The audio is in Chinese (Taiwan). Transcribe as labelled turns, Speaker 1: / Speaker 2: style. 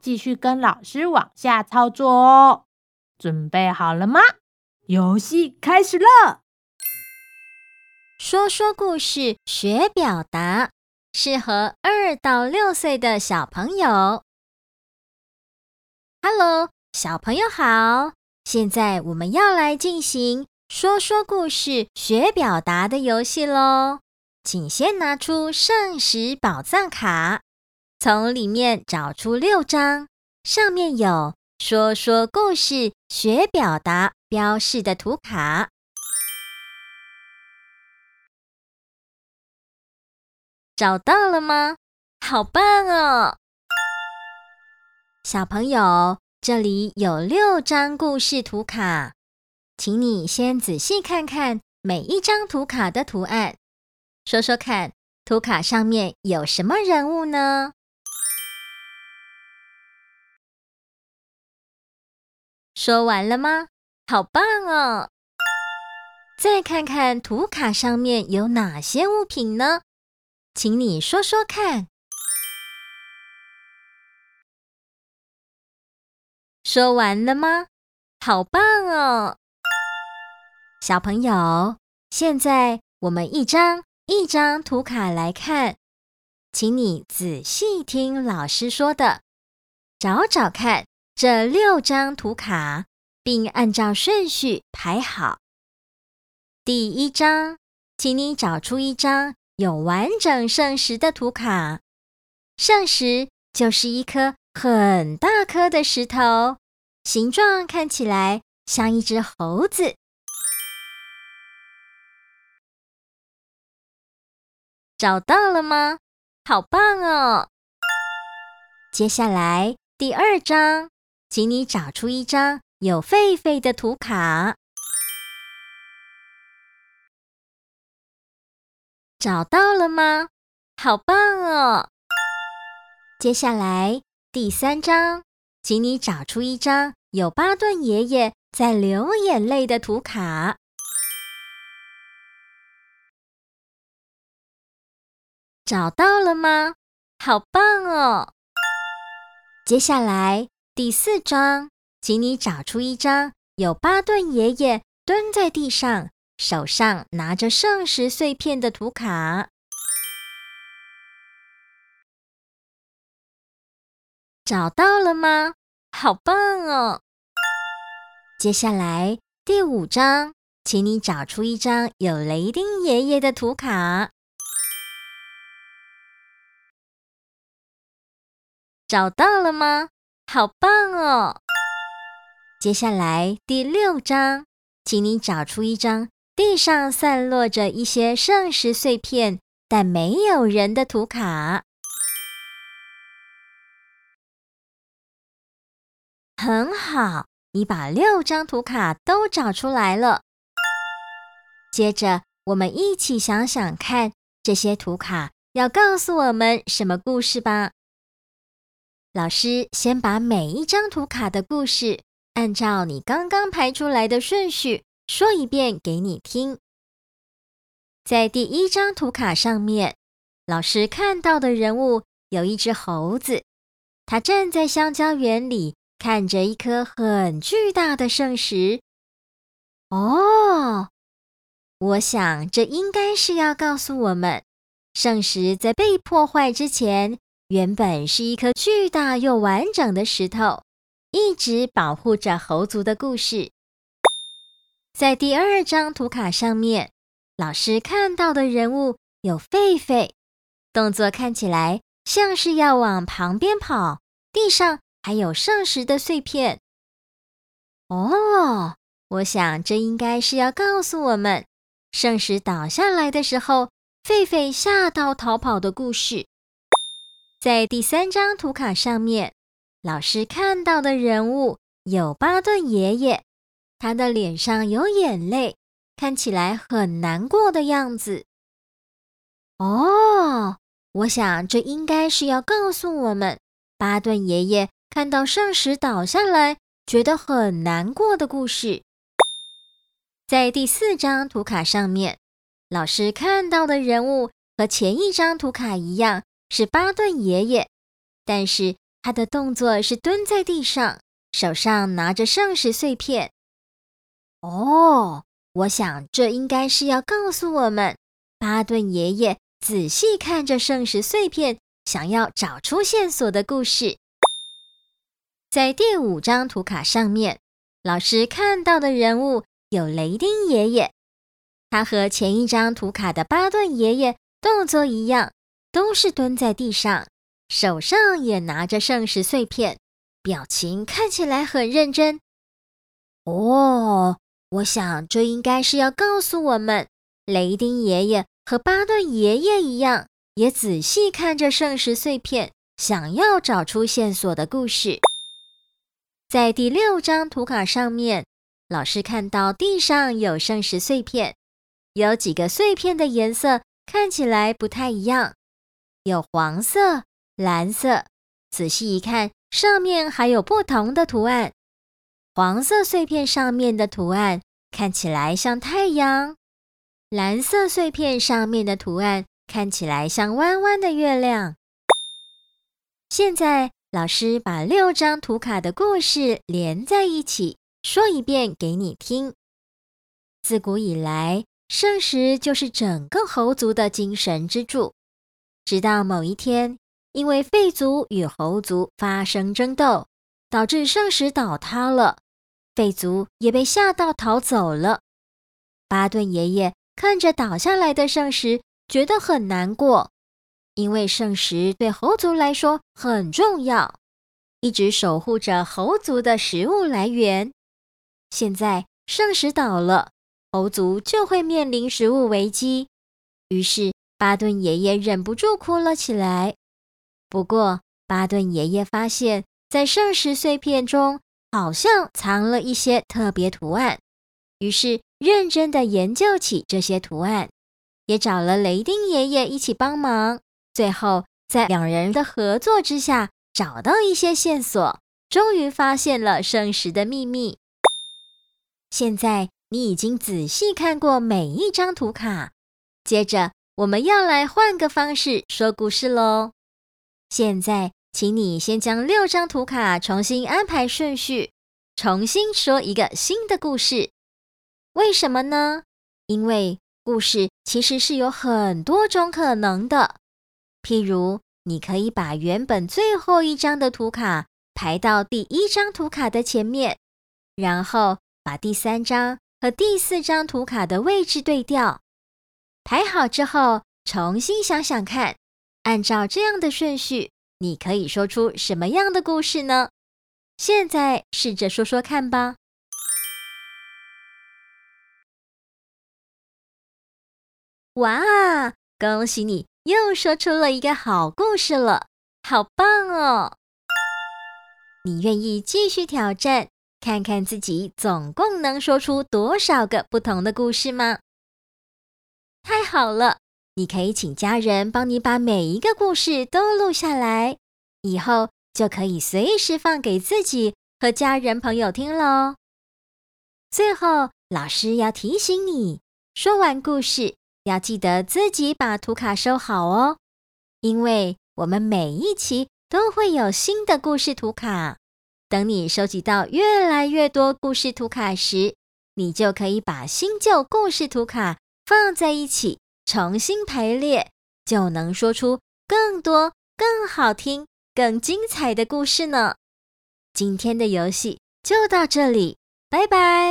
Speaker 1: 繼續跟老師往下操作哦，準備好了嗎？遊戲開始了。說說故事，學表達，適合二到六歲的小朋友。Hello，小朋友好，現在我們要來進行說說故事學表達的遊戲嘍，請先拿出聖石寶藏卡。從裡面找出六張，上面有“說說故事學表達”
Speaker 2: 標示的圖卡，找到了嗎？好棒哦！小朋友，這裡有六張故事圖卡，
Speaker 1: 請你先仔細看看每一張圖卡的圖案，
Speaker 2: 說說看，圖卡上面有什麼人物呢？說完了嗎？好棒哦！再看看圖卡上面有哪些物品呢？請你說說看。說完了嗎？好棒哦！小朋友，現在我們一張，
Speaker 1: 一張圖卡來看，請你仔細聽老師說的，找找看。這六張圖卡，並按照順序排好。第一張，請你找出一張有完整聖石的圖卡。聖石就是一顆很大顆的石頭，形狀看起來像
Speaker 2: 一隻猴子。找到了嗎？好棒哦！接下來第二張。請你找出一張有狒狒的圖卡，找到了嗎？好棒哦！接下來
Speaker 1: 第三張，請你找出一張有巴頓爺爺在
Speaker 2: 流眼淚的圖卡，找到了嗎？好棒哦！接下來。第四張，請你找出一張有
Speaker 1: 巴頓爺爺蹲在地上，手上拿着聖石碎片的圖
Speaker 2: 卡。找到了嗎？好棒哦！接下來，第五張，請你找出一張有雷丁爺爺的圖卡。找到了嗎？好棒哦！接下來第六
Speaker 1: 張，請你找出一張地上散落着一些聖石碎
Speaker 2: 片，但沒有人的圖卡。很好，你把六張圖卡
Speaker 1: 都找出來了。接着，我們一起想想看，這些圖卡要告訴我們什麼故事吧。老師先把每一張圖卡的故事，按照你剛剛排出來的順序說一遍給你聽。在第一張圖卡上面，老師看到的人物有一隻猴子，它站在香蕉園裡，看着一顆很巨大的聖石。哦，我想這應該是要告訴我們，聖石在被破壞之前，原本是一顆巨大又完整的石頭，一直保護着猴族的故事。在第二張圖卡上面，老師看到的人物有狒狒，動作看起來像是要往旁邊跑，地上還有聖石的碎片。哦，我想這應該是要告訴我們，聖石倒下來的時候，狒狒嚇到逃跑的故事。在第三張圖卡上面，老師看到的人物有巴頓爺爺，他的臉上有眼淚，看起來很難過的樣子。哦，我想這應該是要告訴我們，巴頓爺爺看到聖石倒下來，覺得很難過的故事。在第四張圖卡上面，老師看到的人物和前一張圖卡一樣。是巴頓爺爺，但是他的動作是蹲在地上，手上拿着聖石碎片。哦，我想這應該是要告訴我們，巴頓爺爺仔細看着聖石碎片，想要找出線索的故事。在第五張圖卡上面，老師看到的人物有雷丁爺爺，他和前一張圖卡的巴頓爺爺動作一樣。都是蹲在地上，手上也拿着聖石碎片，表情看起來很認真。哦，我想這應該是要告訴我們，雷丁爺爺和巴頓爺爺一樣，也仔細看着聖石碎片，想要找出線索的故事。在第六張圖卡上面，老師看到地上有聖石碎片，有幾個碎片的顏色看起來不太一樣。有黃色、藍色，仔細一看，上面還有不同的圖案。黃色碎片上面的圖案看起來像太陽，藍色碎片上面的圖案看起來像彎彎的月亮。現在，老師把六張圖卡的故事連在一起說一遍給你聽。自古以來，聖石就是整個猴族的精神支柱。直到某一天，因為狒族與猴族發生爭鬥，導致聖石倒塌了，狒族也被嚇到逃走了。巴頓爺爺看着倒下來的聖石，覺得很難過，因為聖石對猴族來說很重要，一直守護着猴族的食物來源。現在聖石倒了，猴族就會面臨食物危機。於是。巴頓爺爺忍不住哭了起來。不過，巴頓爺爺發現，在聖石碎片中好像藏了一些特別圖案，於是認真的研究起這些圖案，也找了雷丁爺爺一起幫忙。最後，在兩人的合作之下，找到一些線索，終於發現了聖石的秘密。現在，你已經仔細看過每一張圖卡，接着。我們要來換個方式說故事嘍！現在，請你先將六張圖卡重新安排順序，重新說一個新的故事。為什麼呢？因為故事其實是有很多種可能的。譬如，你可以把原本最後一張的圖卡排到第一張圖卡的前面，然後把第三張和第四張圖卡的位置對調。排好之後，重新想想看，按照這樣的順序，你可以說出什麼
Speaker 2: 樣的故事呢？現在試着說說看吧。哇，恭喜你又說出了一個好故事了，好棒哦！
Speaker 1: 你願意繼續挑戰，看看自己總共能說出多少個不同的故事嗎？太好了，你可以請家人幫你把每一個故事都錄下來，以後就可以隨時放給自己和家人朋友聽咯。最後，老師要提醒你，說完故事要記得自己把圖卡收好哦，因為我們每一期都會有新的故事圖卡。等你收集到越來越多故事圖卡時，你就可以把新舊故事圖卡，放在一起重新排列，就能說出更多、更好聽、更精彩的故事呢。今天的遊戲就到這裡，拜拜。